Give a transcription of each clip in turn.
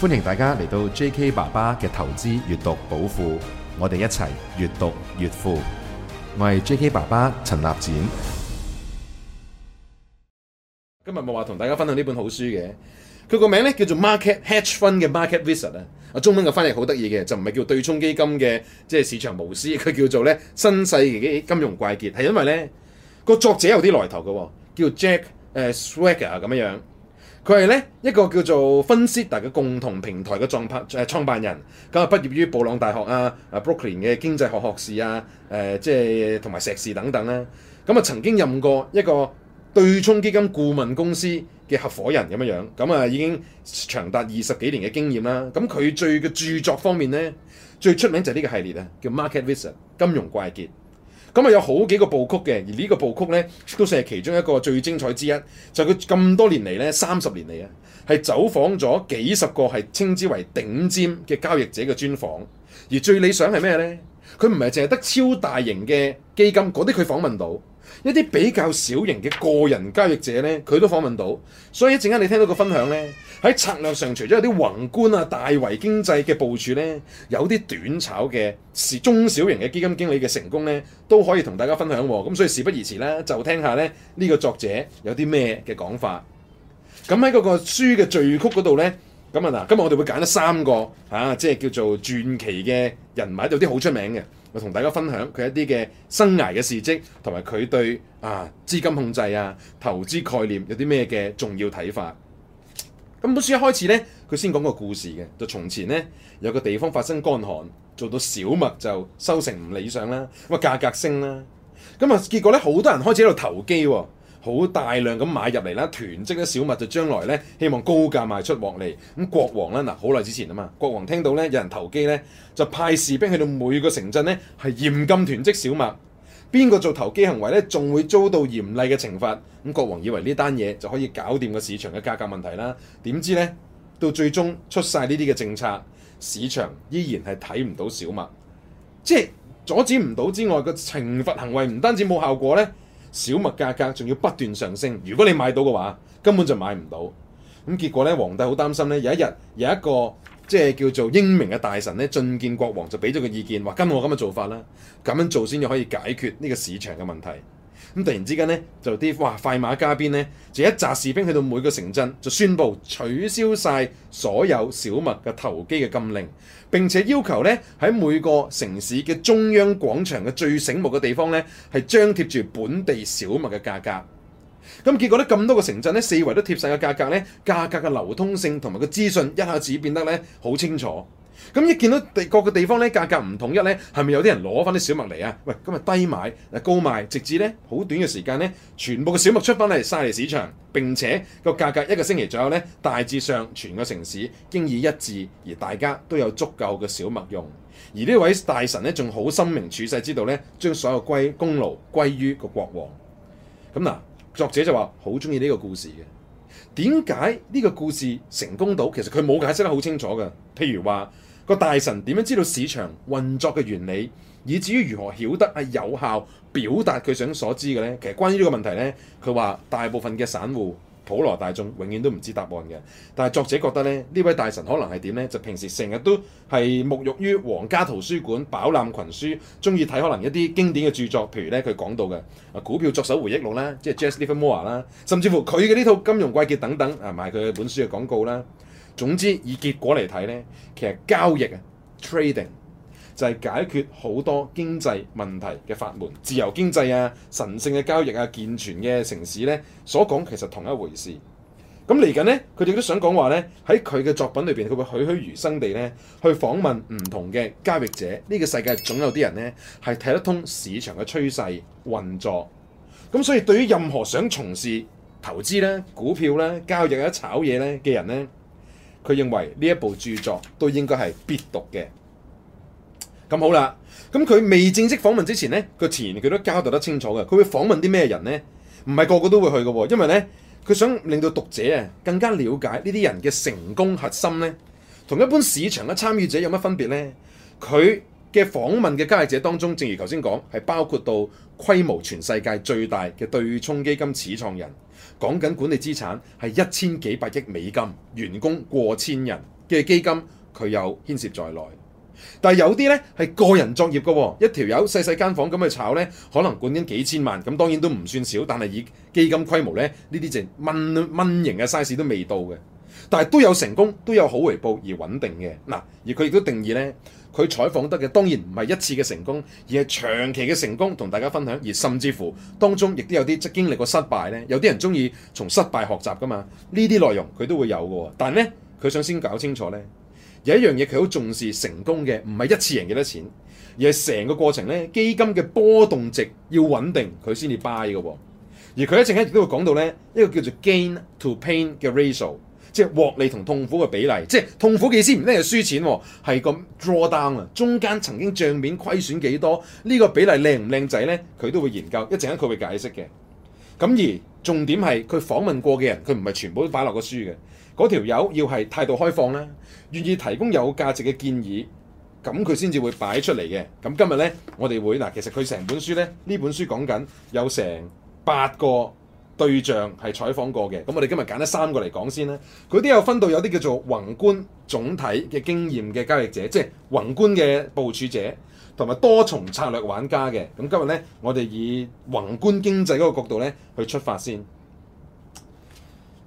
歡迎大家嚟到 J.K. 爸爸嘅投資閱讀寶庫，我哋一齊閱讀越富。我係 J.K. 爸爸陳立展。今日冇話同大家分享呢本好書嘅，佢個名咧叫做 Market Hedge Fund 嘅 Market Vision 啊，中文嘅翻譯好得意嘅，就唔係叫對沖基金嘅即係市場巫師，佢叫做咧新世紀嘅金融怪傑。係因為咧個作者有啲來頭嘅，叫 Jack 誒、uh, Schwager 咁樣樣。佢係咧一個叫做 FundSeeder 嘅共同平台嘅創辦，誒，創辦人，咁啊畢業於布朗大學啊，啊 Brooklyn 嘅經濟學學士啊，誒、呃、即係同埋碩士等等啦。咁啊曾經任過一個對沖基金顧問公司嘅合夥人咁樣樣，咁啊已經長達二十幾年嘅經驗啦。咁佢最嘅著作方面咧，最出名就係呢個系列啊，叫《Market Wizards》金融怪傑。咁啊有好幾個部曲嘅，而呢個部曲呢，都算係其中一個最精彩之一。就係佢咁多年嚟呢，三十年嚟啊，係走訪咗幾十個係稱之為頂尖嘅交易者嘅專訪。而最理想係咩呢？佢唔係淨係得超大型嘅基金，嗰啲佢訪問到一啲比較小型嘅個人交易者呢，佢都訪問到。所以一陣間你聽到個分享呢。喺策略上，除咗有啲宏觀啊、大圍經濟嘅部署呢，有啲短炒嘅中小型嘅基金經理嘅成功呢，都可以同大家分享、啊。咁所以事不宜遲啦，就聽下呢呢、這個作者有啲咩嘅講法。咁喺嗰個書嘅序曲嗰度呢，咁啊嗱，今日我哋會揀咗三個啊，即係叫做傳奇嘅人物，有啲好出名嘅，我同大家分享佢一啲嘅生涯嘅事蹟，同埋佢對啊資金控制啊、投資概念有啲咩嘅重要睇法。咁本書一開始咧，佢先講個故事嘅，就從前咧有個地方發生乾旱，做到小麥就收成唔理想啦，咁啊價格升啦，咁啊結果咧好多人開始喺度投機喎，好大量咁買入嚟啦，囤積啲小麥，就將來咧希望高價賣出獲利。咁國王呢，嗱，好耐之前啊嘛，國王聽到咧有人投機咧，就派士兵去到每個城鎮咧，係嚴禁囤積小麥。邊個做投機行為咧，仲會遭到嚴厲嘅懲罰？咁國王以為呢單嘢就可以搞掂個市場嘅價格問題啦。點知咧，到最終出晒呢啲嘅政策，市場依然係睇唔到小麥，即係阻止唔到之外，個懲罰行為唔單止冇效果咧，小麥價格仲要不斷上升。如果你買到嘅話，根本就買唔到。咁結果咧，皇帝好擔心咧，有一日有一個，即係叫做英明嘅大臣咧，進見國王就俾咗個意見，話跟我咁嘅做法啦，咁樣做先至可以解決呢個市場嘅問題。咁突然之間呢，就啲哇快馬加鞭呢，就一紮士兵去到每個城鎮，就宣布取消晒所有小麥嘅投機嘅禁令，並且要求呢，喺每個城市嘅中央廣場嘅最醒目嘅地方呢，係張貼住本地小麥嘅價格。咁結果咧，咁多個城鎮咧，四圍都貼晒個價格咧，價格嘅流通性同埋個資訊一下子變得咧好清楚。咁一見到地各個地方咧，價格唔統一咧，係咪有啲人攞翻啲小麥嚟啊？喂，今日低買嗱高賣，直至咧好短嘅時間咧，全部嘅小麥出翻嚟晒嚟市場，並且個價格一個星期左右咧，大致上全個城市經已一致，而大家都有足夠嘅小麥用。而呢位大臣咧，仲好深明處世之道咧，將所有歸功勞歸於個國王。咁嗱。作者就話好鍾意呢個故事嘅，點解呢個故事成功到？其實佢冇解釋得好清楚嘅。譬如話個大神點樣知道市場運作嘅原理，以至於如何曉得係有效表達佢想所知嘅咧？其實關於呢個問題咧，佢話大部分嘅散戶。普羅大眾永遠都唔知答案嘅，但係作者覺得咧，呢位大神可能係點呢？就平時成日都係沐浴於皇家圖書館飽覽群書，中意睇可能一啲經典嘅著作，譬如咧佢講到嘅《股票作手回憶錄》啦，即係 Jesse Livermore 啦，甚至乎佢嘅呢套《金融怪傑》等等啊，賣佢本書嘅廣告啦。總之，以結果嚟睇呢，其實交易啊，trading。就係解決好多經濟問題嘅法門，自由經濟啊，神聖嘅交易啊，健全嘅城市呢，所講其實同一回事。咁嚟緊呢，佢哋都想講話呢，喺佢嘅作品裏邊，佢會栩栩如生地呢去訪問唔同嘅交易者。呢個世界總有啲人呢係睇得通市場嘅趨勢運作。咁所以，對於任何想從事投資咧、股票咧、交易一炒嘢呢嘅人呢，佢認為呢一部著作都應該係必讀嘅。咁好啦，咁佢未正式訪問之前呢，佢前佢都交代得清楚嘅。佢會訪問啲咩人呢？唔係個個都會去嘅喎，因為呢，佢想令到讀者啊更加了解呢啲人嘅成功核心呢，同一般市場嘅參與者有乜分別呢？佢嘅訪問嘅交易者當中，正如頭先講，係包括到規模全世界最大嘅對沖基金始創人，講緊管理資產係一千幾百億美金，員工過千人嘅基金，佢有牽涉在內。但有啲咧係個人作業嘅喎，一條友細細間房咁去炒咧，可能管緊幾千萬，咁當然都唔算少。但係以基金規模咧，呢啲就蚊蚊型嘅 size 都未到嘅。但係都有成功，都有好回報而穩定嘅嗱。而佢亦都定義咧，佢採訪得嘅當然唔係一次嘅成功，而係長期嘅成功同大家分享。而甚至乎當中亦都有啲即係經歷過失敗咧，有啲人中意從失敗學習噶嘛。呢啲內容佢都會有嘅，但係咧佢想先搞清楚咧。有一樣嘢佢好重視成功嘅，唔係一次贏幾多錢，而係成個過程咧基金嘅波動值要穩定，佢先至 buy 嘅。而佢咧一陣間亦都會講到咧一個叫做 gain to pain 嘅 ratio，即係獲利同痛苦嘅比例。即係痛苦嘅意思唔單止係輸錢喎、哦，係個 drawdown 啊，中間曾經帳面虧損幾多呢、這個比例靚唔靚仔咧？佢都會研究，一陣間佢會解釋嘅。咁而重點係佢訪問過嘅人，佢唔係全部都擺落個書嘅。嗰條友要係態度開放啦，願意提供有價值嘅建議，咁佢先至會擺出嚟嘅。咁今日呢，我哋會嗱，其實佢成本書呢，呢本書講緊有成八個對象係採訪過嘅。咁我哋今日揀咗三個嚟講先啦。佢都有分到有啲叫做宏觀總體嘅經驗嘅交易者，即係宏觀嘅部署者同埋多重策略玩家嘅。咁今日呢，我哋以宏觀經濟嗰個角度呢去出發先。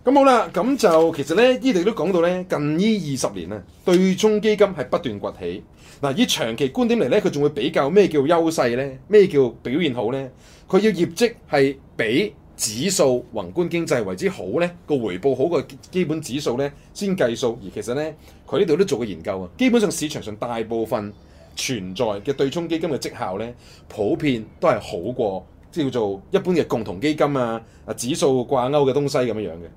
咁好啦，咁就其實呢，呢度都講到呢近呢二十年啊，對沖基金係不斷崛起。嗱，以長期觀點嚟呢，佢仲會比較咩叫優勢呢？咩叫表現好呢？佢要業績係比指數、宏觀經濟為之好呢，個回報好過基本指數呢先計數。而其實呢，佢呢度都做過研究啊，基本上市場上大部分存在嘅對沖基金嘅績效呢，普遍都係好過即叫做一般嘅共同基金啊、啊指數掛鈎嘅東西咁樣樣嘅。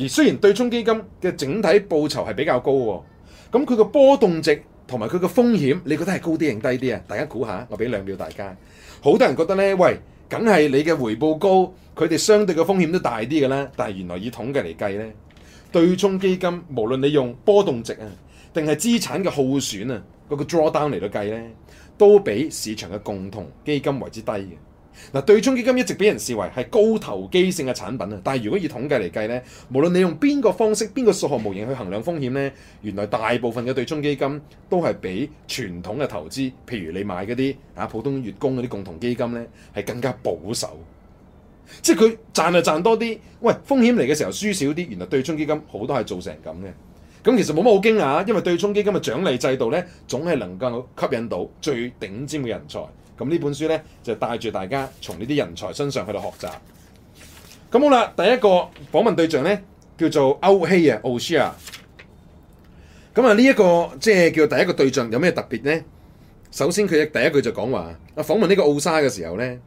而雖然對沖基金嘅整體報酬係比較高喎，咁佢個波動值同埋佢個風險，你覺得係高啲定低啲啊？大家估下，我俾兩秒大家。好多人覺得呢，喂，梗係你嘅回報高，佢哋相對嘅風險都大啲嘅啦。但係原來以統計嚟計呢，對沖基金無論你用波動值啊，定係資產嘅耗損啊，嗰個 drawdown 嚟到計呢，都比市場嘅共同基金為之低嘅。嗱，對沖基金一直俾人視為係高投機性嘅產品啊，但係如果以統計嚟計咧，無論你用邊個方式、邊個數學模型去衡量風險咧，原來大部分嘅對沖基金都係比傳統嘅投資，譬如你買嗰啲啊普通月供嗰啲共同基金咧，係更加保守，即係佢賺就賺多啲，喂，風險嚟嘅時候輸少啲，原來對沖基金好多係做成咁嘅，咁其實冇乜好驚訝，因為對沖基金嘅獎勵制度咧，總係能夠吸引到最頂尖嘅人才。咁呢本書呢，就帶住大家從呢啲人才身上去到學習。咁好啦，第一個訪問對象呢，叫做歐希啊，奧沙。咁啊，呢一個即係叫第一個對象有咩特別呢？首先佢第一句就講話啊，訪問呢個奧沙嘅時候呢，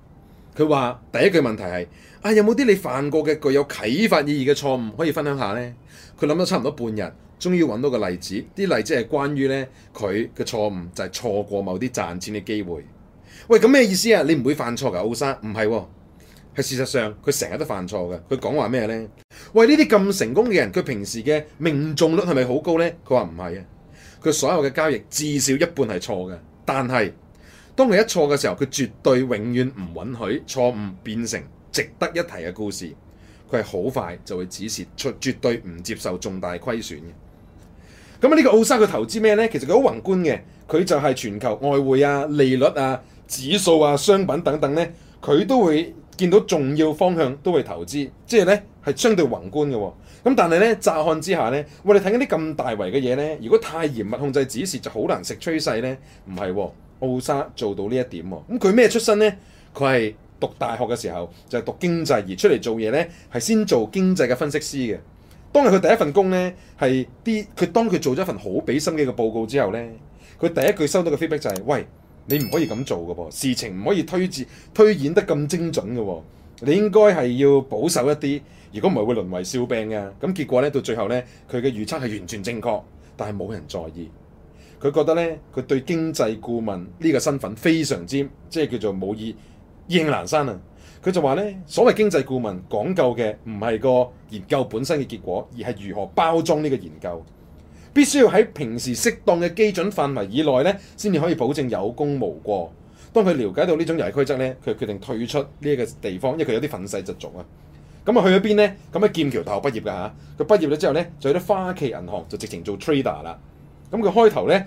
佢話第一句問題係啊，有冇啲你犯過嘅具有啟發意義嘅錯誤可以分享下呢？佢諗咗差唔多半日，終於揾到個例子，啲例子係關於呢，佢嘅錯誤就係錯過某啲賺錢嘅機會。喂，咁咩意思啊？你唔會犯錯噶，奧沙唔係，係、哦、事實上佢成日都犯錯嘅。佢講話咩呢？喂，呢啲咁成功嘅人，佢平時嘅命中率係咪好高呢？佢話唔係啊，佢所有嘅交易至少一半係錯嘅。但係當佢一錯嘅時候，佢絕對永遠唔允許錯誤變成值得一提嘅故事。佢係好快就會止蝕出，絕對唔接受重大虧損嘅。咁呢個奧沙佢投資咩呢？其實佢好宏觀嘅，佢就係全球外匯啊、利率啊。指數啊、商品等等呢，佢都會見到重要方向，都會投資，即係呢係相對宏觀嘅、哦。咁但係呢，乍看之下呢，我哋睇緊啲咁大圍嘅嘢呢，如果太嚴密控制指示就好難食趨勢呢。唔係、哦。奧沙做到呢一點喎、哦，咁佢咩出身呢？佢係讀大學嘅時候就係、是、讀經濟，而出嚟做嘢呢，係先做經濟嘅分析師嘅。當日佢第一份工呢，係啲佢當佢做咗一份好俾心機嘅嘅報告之後呢，佢第一句收到嘅 feedback 就係、是、喂。你唔可以咁做嘅噃，事情唔可以推至推演得咁精準嘅喎，你應該係要保守一啲。如果唔係，會淪為笑柄嘅。咁結果咧，到最後咧，佢嘅預測係完全正確，但係冇人在意。佢覺得咧，佢對經濟顧問呢個身份非常之即係叫做無意意興闌珊啊。佢就話咧，所謂經濟顧問講究嘅唔係個研究本身嘅結果，而係如何包裝呢個研究，必須要喺平時適當嘅基準範圍以內咧，先至可以保證有功無過。當佢了解到呢種遊戲規則咧，佢決定退出呢一個地方，因為佢有啲憤世嫉俗啊。咁啊去咗邊呢？咁喺劍橋大學畢業嘅嚇，佢畢業咗之後咧，就去咗花旗銀行就直情做 trader 啦。咁佢開頭咧，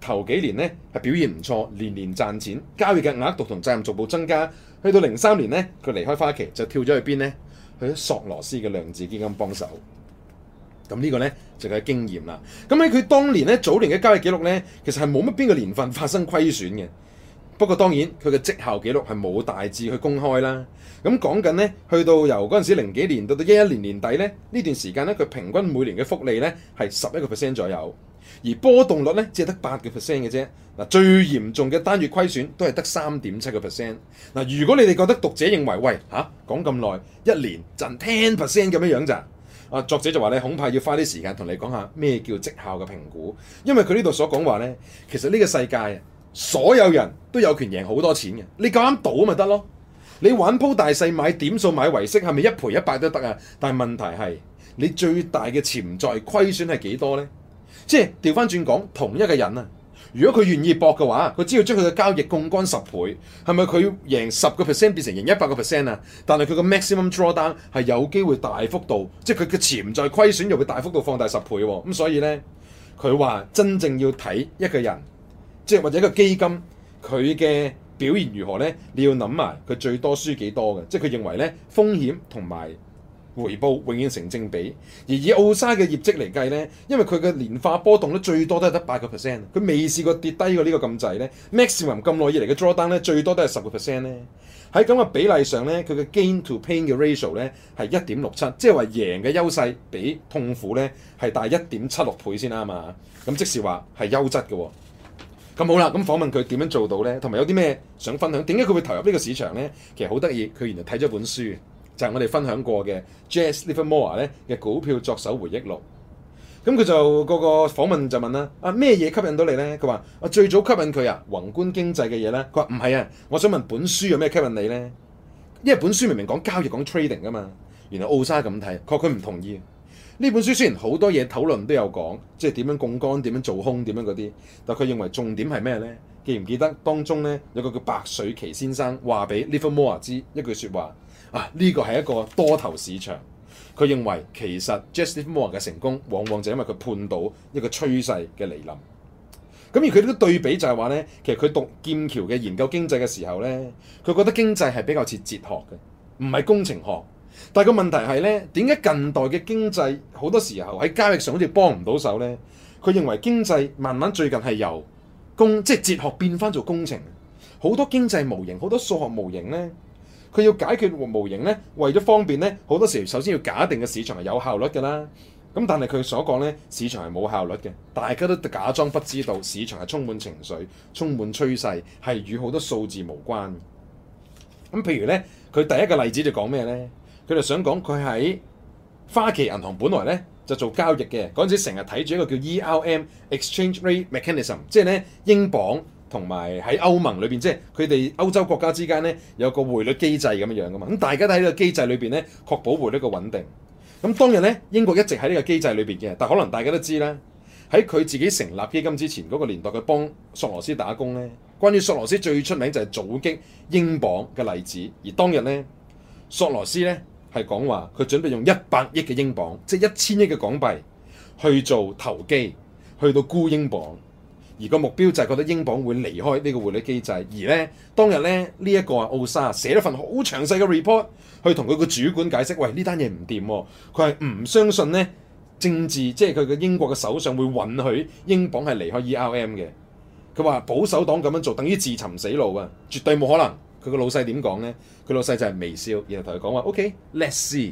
頭幾年咧，係表現唔錯，年年賺錢，交易嘅額度同責任逐步增加。去到零三年咧，佢離開花旗就跳咗去邊咧？去咗索羅斯嘅量子基金幫手。咁呢個呢，就係、是、經驗啦。咁喺佢當年呢，早年嘅交易記錄呢，其實係冇乜邊個年份發生虧損嘅。不過當然佢嘅績效記錄係冇大致去公開啦。咁講緊呢，去到由嗰陣時零幾年到到一一年年底呢，呢段時間呢，佢平均每年嘅複利呢係十一個 percent 左右，而波動率呢，只係得八個 percent 嘅啫。嗱，最嚴重嘅單月虧損都係得三點七個 percent。嗱，如果你哋覺得讀者認為，喂嚇、啊、講咁耐一年賺 ten percent 咁樣樣咋？啊！作者就話咧，恐怕要花啲時間同你講下咩叫績效嘅評估，因為佢呢度所講話咧，其實呢個世界所有人都有權贏好多錢嘅，你夠膽賭咪得咯？你玩鋪大細、買點數、買維息，係咪一賠一百都得啊？但係問題係，你最大嘅潛在虧損係幾多咧？即係調翻轉講，同一個人啊。如果佢願意博嘅話，佢只要將佢嘅交易槓桿十倍，係咪佢贏十個 percent 變成贏一百個 percent 啊？但係佢個 maximum drawdown 係有機會大幅度，即係佢嘅潛在虧損又會大幅度放大十倍喎。咁所以呢，佢話真正要睇一個人，即係或者一個基金佢嘅表現如何呢？你要諗埋佢最多輸幾多嘅，即係佢認為呢風險同埋。回報永遠成正比，而以奧沙嘅業績嚟計呢，因為佢嘅年化波動咧最多都係得八個 percent，佢未試過跌低過呢個咁滯咧。Maximum 咁耐以嚟嘅 drawdown 咧最多都係十個 percent 咧。喺咁嘅比例上呢，佢嘅 gain to pain 嘅 ratio 呢係一點六七，即係話贏嘅優勢比痛苦呢係大一點七六倍先啱嘛。咁即是話係優質嘅喎。咁好啦，咁訪問佢點樣做到呢？同埋有啲咩想分享？點解佢會投入呢個市場呢？其實好得意，佢原來睇咗本書。就係我哋分享過嘅 Jesse Livermore 咧嘅股票作手回憶錄。咁佢就個個訪問就問啦：啊咩嘢吸引到你咧？佢話：我、啊、最早吸引佢啊，宏觀經濟嘅嘢咧。佢話唔係啊，我想問本書有咩吸引你咧？因為本書明明講交易講 trading 噶嘛。原來奧沙咁睇，確佢唔同意。呢本書雖然好多嘢討論都有講，即係點樣槓桿、點樣做空、點樣嗰啲，但佢認為重點係咩咧？記唔記得當中咧有個叫白水奇先生話俾 Livermore 知一句説話？呢、啊這個係一個多頭市場。佢認為其實 Justin Morgan 嘅成功，往往就因為佢判到一個趨勢嘅嚟臨。咁而佢呢個對比就係話呢，其實佢讀劍橋嘅研究經濟嘅時候呢，佢覺得經濟係比較似哲學嘅，唔係工程學。但係個問題係呢，點解近代嘅經濟好多時候喺交易上好似幫唔到手呢？佢認為經濟慢慢最近係由工即係、就是、哲學變翻做工程，好多經濟模型、好多數學模型呢。佢要解決模型咧，為咗方便咧，好多時候首先要假定嘅市場係有效率嘅啦。咁但係佢所講咧，市場係冇效率嘅，大家都假裝不知道市場係充滿情緒、充滿趨勢，係與好多數字無關。咁譬如咧，佢第一個例子就講咩咧？佢就想講佢喺花旗銀行，本來咧就做交易嘅，嗰陣時成日睇住一個叫 ERM Exchange Rate Mechanism，即係咧英鎊。同埋喺歐盟裏邊，即係佢哋歐洲國家之間呢，有個匯率機制咁樣樣噶嘛，咁大家都喺呢個機制裏邊呢，確保匯率嘅穩定。咁當日呢，英國一直喺呢個機制裏邊嘅，但可能大家都知啦，喺佢自己成立基金之前嗰、那個年代，佢幫索羅斯打工呢。關於索羅斯最出名就係狙擊英鎊嘅例子，而當日呢，索羅斯呢，係講話佢準備用一百億嘅英鎊，即係一千億嘅港幣去做投機，去到沽英鎊。而個目標就係覺得英鎊會離開呢個匯率機制，而咧，當日咧，呢一個啊，奧沙寫咗份好詳細嘅 report 去同佢個主管解釋，喂，呢單嘢唔掂，佢係唔相信咧，政治即係佢嘅英國嘅首相會允許英鎊係離開 ERM 嘅，佢話保守黨咁樣做等於自尋死路啊，絕對冇可能。佢個老細點講咧？佢老細就係微笑，然後同佢講話：OK，let's see。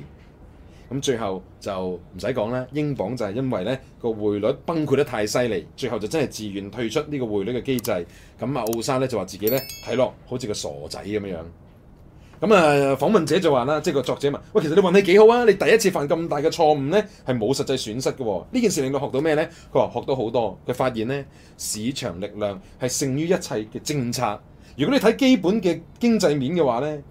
咁最後就唔使講啦。英鎊就係因為咧個匯率崩潰得太犀利，最後就真係自願退出呢個匯率嘅機制。咁啊，奧沙咧就話自己咧睇落好似個傻仔咁樣樣。咁啊，訪問者就話啦，即係個作者問喂，其實你運氣幾好啊？你第一次犯咁大嘅錯誤咧，係冇實際損失嘅喎、哦。呢件事令到佢學到咩咧？佢話學到好多。佢發現咧市場力量係勝於一切嘅政策。如果你睇基本嘅經濟面嘅話咧，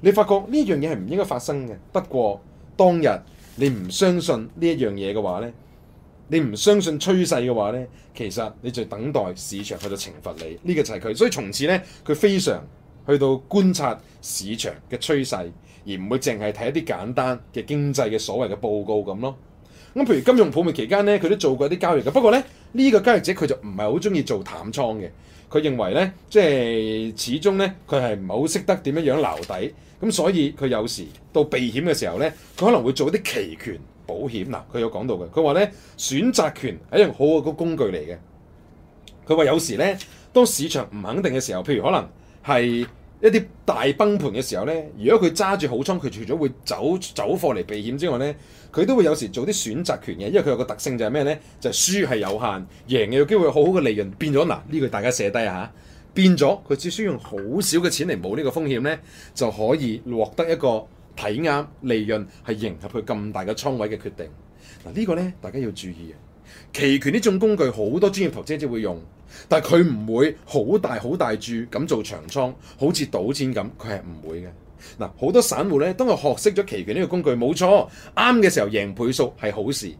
你發覺呢樣嘢係唔應該發生嘅。不過，當日你唔相信呢一樣嘢嘅話咧，你唔相信趨勢嘅話咧，其實你就等待市場去到懲罰你。呢個就係佢，所以從此咧，佢非常去到觀察市場嘅趨勢，而唔會淨係睇一啲簡單嘅經濟嘅所謂嘅報告咁咯。咁譬如金融泡沫期間咧，佢都做過一啲交易嘅，不過咧呢個交易者佢就唔係好中意做淡倉嘅。佢認為咧，即係始終咧，佢係唔係好識得點樣樣留底，咁所以佢有時到避險嘅時候咧，佢可能會做啲期權保險。嗱，佢有講到嘅，佢話咧選擇權係一樣好嘅個工具嚟嘅。佢話有時咧，當市場唔肯定嘅時候，譬如可能係一啲大崩盤嘅時候呢，如果佢揸住好倉，佢除咗會走走貨嚟避險之外呢，佢都會有時做啲選擇權嘅，因為佢有個特性就係咩呢？就係、是、輸係有限，贏嘅有機會有好好嘅利潤。變咗嗱，呢、啊、句、這個、大家寫低下、啊，變咗佢只需要用好少嘅錢嚟冒呢個風險呢，就可以獲得一個睇啱利潤係迎合佢咁大嘅倉位嘅決定。嗱、啊、呢、這個呢，大家要注意啊！期權呢種工具好多專業投資者會用。但佢唔會好大好大注咁做長倉，好似賭錢咁，佢係唔會嘅。嗱，好多散戶呢，當佢學識咗期權呢個工具，冇錯，啱嘅時候贏倍數係好事。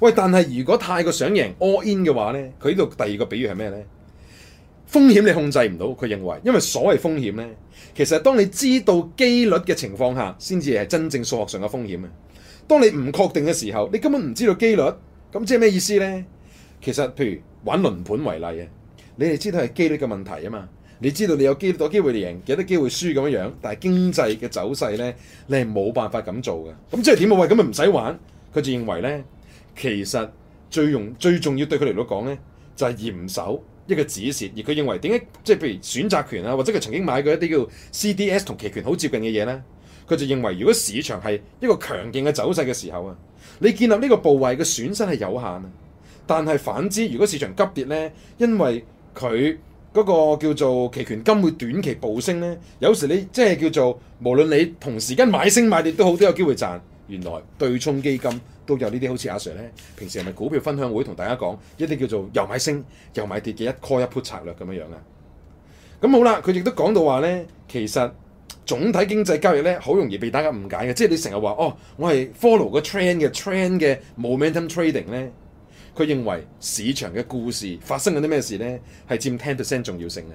喂，但係如果太過想贏 all in 嘅話呢，佢呢度第二個比喻係咩呢？風險你控制唔到，佢認為，因為所謂風險呢，其實當你知道機率嘅情況下，先至係真正數學上嘅風險嘅。當你唔確定嘅時候，你根本唔知道機率，咁即係咩意思呢？其實，譬如玩輪盤為例啊。你哋知道係機率嘅問題啊嘛？你知道你有機有機會贏，有得機會輸咁樣樣，但係經濟嘅走勢咧，你係冇辦法咁做嘅。咁即係點啊？喂，咁咪唔使玩。佢就認為咧，其實最重最重要對佢嚟到講咧，就係嚴守一個止蝕。而佢認為點解？即係譬如選擇權啊，或者佢曾經買過一啲叫 CDS 同期權好接近嘅嘢咧，佢就認為如果市場係一個強勁嘅走勢嘅時候啊，你建立呢個部位嘅損失係有限啊。但係反之，如果市場急跌咧，因為佢嗰個叫做期權金會短期暴升咧，有時你即係叫做無論你同時間買升買跌都好，都有機會賺。原來對沖基金都有呢啲，好似阿 Sir 咧，平時係咪股票分享會同大家講一啲叫做又買升又買跌嘅一 call 一 put 策略咁樣樣啊？咁好啦，佢亦都講到話咧，其實總體經濟交易咧好容易被大家誤解嘅，即係你成日話哦，我係 follow 個 trend 嘅 trend 嘅 momentum trading 咧。佢認為市場嘅故事發生緊啲咩事咧，係佔10%重要性嘅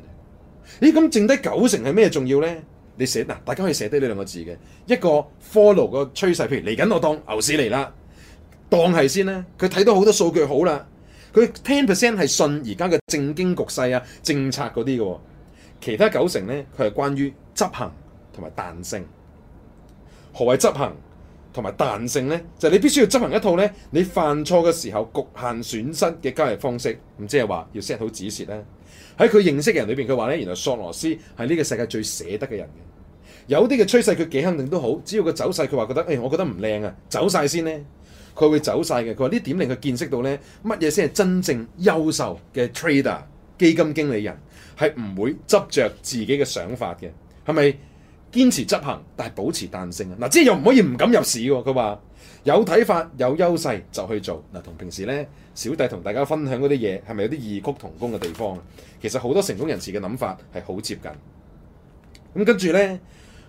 咧。咦？咁剩低九成係咩重要咧？你寫嗱，大家可以寫低呢兩個字嘅。一個 follow 個趨勢，譬如嚟緊我當牛市嚟啦，當係先咧。佢睇到好多數據好啦，佢10%係信而家嘅政經局勢啊、政策嗰啲嘅喎，其他九成咧佢係關於執行同埋彈性。何謂執行？同埋彈性咧，就係、是、你必須要執行一套咧，你犯錯嘅時候局限損失嘅交易方式，咁即係話要 set 好指示咧。喺佢認識嘅人裏邊，佢話咧，原來索羅斯係呢個世界最捨得嘅人嘅。有啲嘅趨勢佢幾肯定都好，只要佢走晒，佢話覺得，誒、哎、我覺得唔靚啊，走晒先咧，佢會走晒嘅。佢話呢點令佢見識到咧，乜嘢先係真正優秀嘅 trader 基金經理人係唔會執着自己嘅想法嘅，係咪？堅持執行，但係保持彈性啊！嗱，即係又唔可以唔敢入市喎。佢話有睇法、有優勢就去做嗱，同平時呢，小弟同大家分享嗰啲嘢，係咪有啲異曲同工嘅地方啊？其實好多成功人士嘅諗法係好接近。咁跟住呢，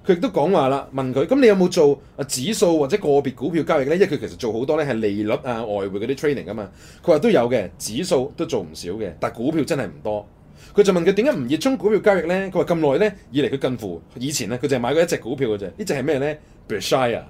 佢亦都講話啦，問佢：咁你有冇做啊指數或者個別股票交易呢？因為佢其實做好多呢係利率啊、外匯嗰啲 training 㗎嘛。佢話都有嘅，指數都做唔少嘅，但股票真係唔多。佢就問佢點解唔熱衷股票交易咧？佢話咁耐咧，以嚟佢近乎以前咧，佢淨係買過一隻股票嘅啫。這只是什麼呢隻係咩咧？Berkshire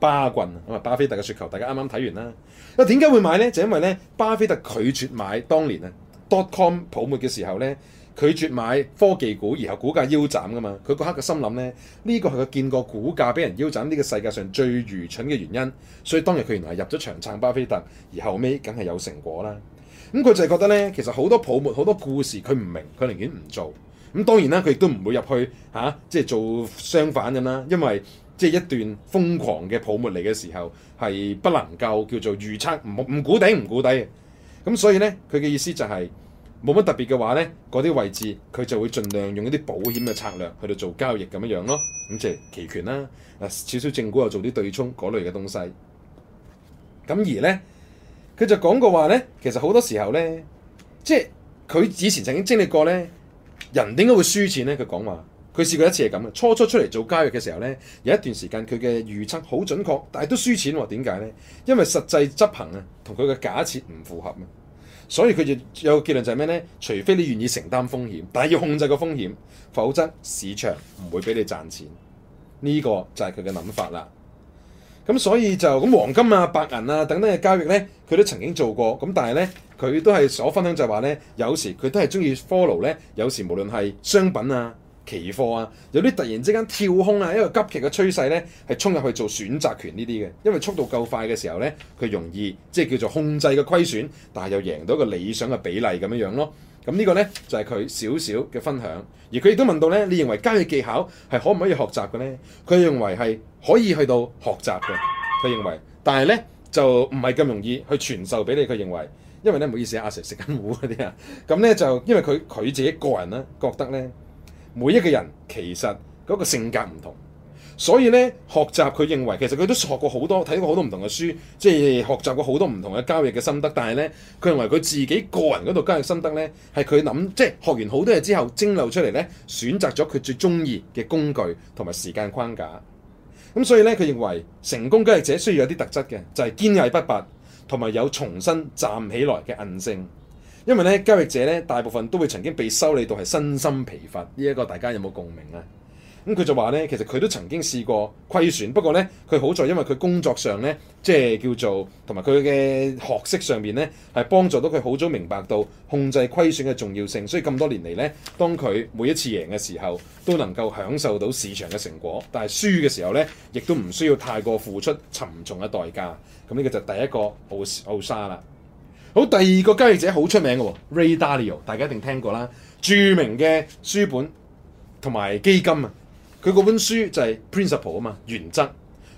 巴郡咁啊，巴菲特嘅雪球，大家啱啱睇完啦。啊，點解會買咧？就因為咧，巴菲特拒絕買當年啊 dotcom 泡沫嘅時候咧，拒絕買科技股，然後股價腰斬噶嘛。佢嗰刻嘅心諗咧，呢、這個係佢見過股價俾人腰斬呢、這個世界上最愚蠢嘅原因。所以當日佢原來入咗場撐巴菲特，而後尾梗係有成果啦。咁佢就係覺得咧，其實好多泡沫、好多故事他不，佢唔明，佢寧願唔做。咁當然啦，佢亦都唔會入去嚇，即係做相反咁啦。因為即係一段瘋狂嘅泡沫嚟嘅時候，係不能夠叫做預測，唔唔估頂唔估底嘅。咁所以咧，佢嘅意思就係冇乜特別嘅話咧，嗰啲位置佢就會盡量用一啲保險嘅策略去到做交易咁樣樣咯。咁即係期權啦，嗱少少正股又做啲對沖嗰類嘅東西。咁而咧。佢就講過話咧，其實好多時候咧，即係佢以前曾經經歷過咧，人點解會輸錢咧？佢講話，佢試過一次係咁嘅。初初出嚟做交易嘅時候咧，有一段時間佢嘅預測好準確，但係都輸錢喎。點解咧？因為實際執行啊，同佢嘅假設唔符合啊，所以佢就有個結論就係咩咧？除非你願意承擔風險，但係要控制個風險，否則市場唔會俾你賺錢。呢個就係佢嘅諗法啦。咁所以就咁黃金啊、白銀啊等等嘅交易咧，佢都曾經做過。咁但係咧，佢都係所分享就係話咧，有時佢都係中意 follow 咧，有時無論係商品啊、期貨啊，有啲突然之間跳空啊，一個急劇嘅趨勢咧，係衝入去做選擇權呢啲嘅，因為速度夠快嘅時候咧，佢容易即係叫做控制嘅虧損，但係又贏到一個理想嘅比例咁樣樣囉咯。咁呢個呢，就係佢少少嘅分享，而佢亦都問到呢：「你認為交易技巧係可唔可以學習嘅呢？佢認為係可以去到學習嘅，佢認為，但係呢，就唔係咁容易去傳授俾你。佢認為，因為呢，唔好意思，阿 Sir 食緊糊嗰啲啊，咁呢，就因為佢佢自己個人呢，覺得呢，每一個人其實嗰個性格唔同。所以咧，學習佢認為其實佢都學過好多，睇過好多唔同嘅書，即係學習過好多唔同嘅交易嘅心得。但係咧，佢認為佢自己個人嗰度交易心得咧，係佢諗，即係學完好多嘢之後蒸餾出嚟咧，選擇咗佢最中意嘅工具同埋時間框架。咁所以咧，佢認為成功交易者需要有啲特質嘅，就係堅毅不拔同埋有重新站起來嘅韌性。因為咧，交易者咧，大部分都會曾經被修理到係身心疲乏，呢一個大家有冇共鳴啊？咁佢就話咧，其實佢都曾經試過虧損，不過咧，佢好在因為佢工作上咧，即係叫做同埋佢嘅學識上面咧，係幫助到佢好早明白到控制虧損嘅重要性，所以咁多年嚟咧，當佢每一次贏嘅時候，都能夠享受到市場嘅成果，但係輸嘅時候咧，亦都唔需要太過付出沉重嘅代價。咁呢個就係第一個奧奧沙啦。好，第二個交易者好出名嘅 Ray Dalio，大家一定聽過啦，著名嘅書本同埋基金啊。佢嗰本書就係 principle 啊嘛，原則。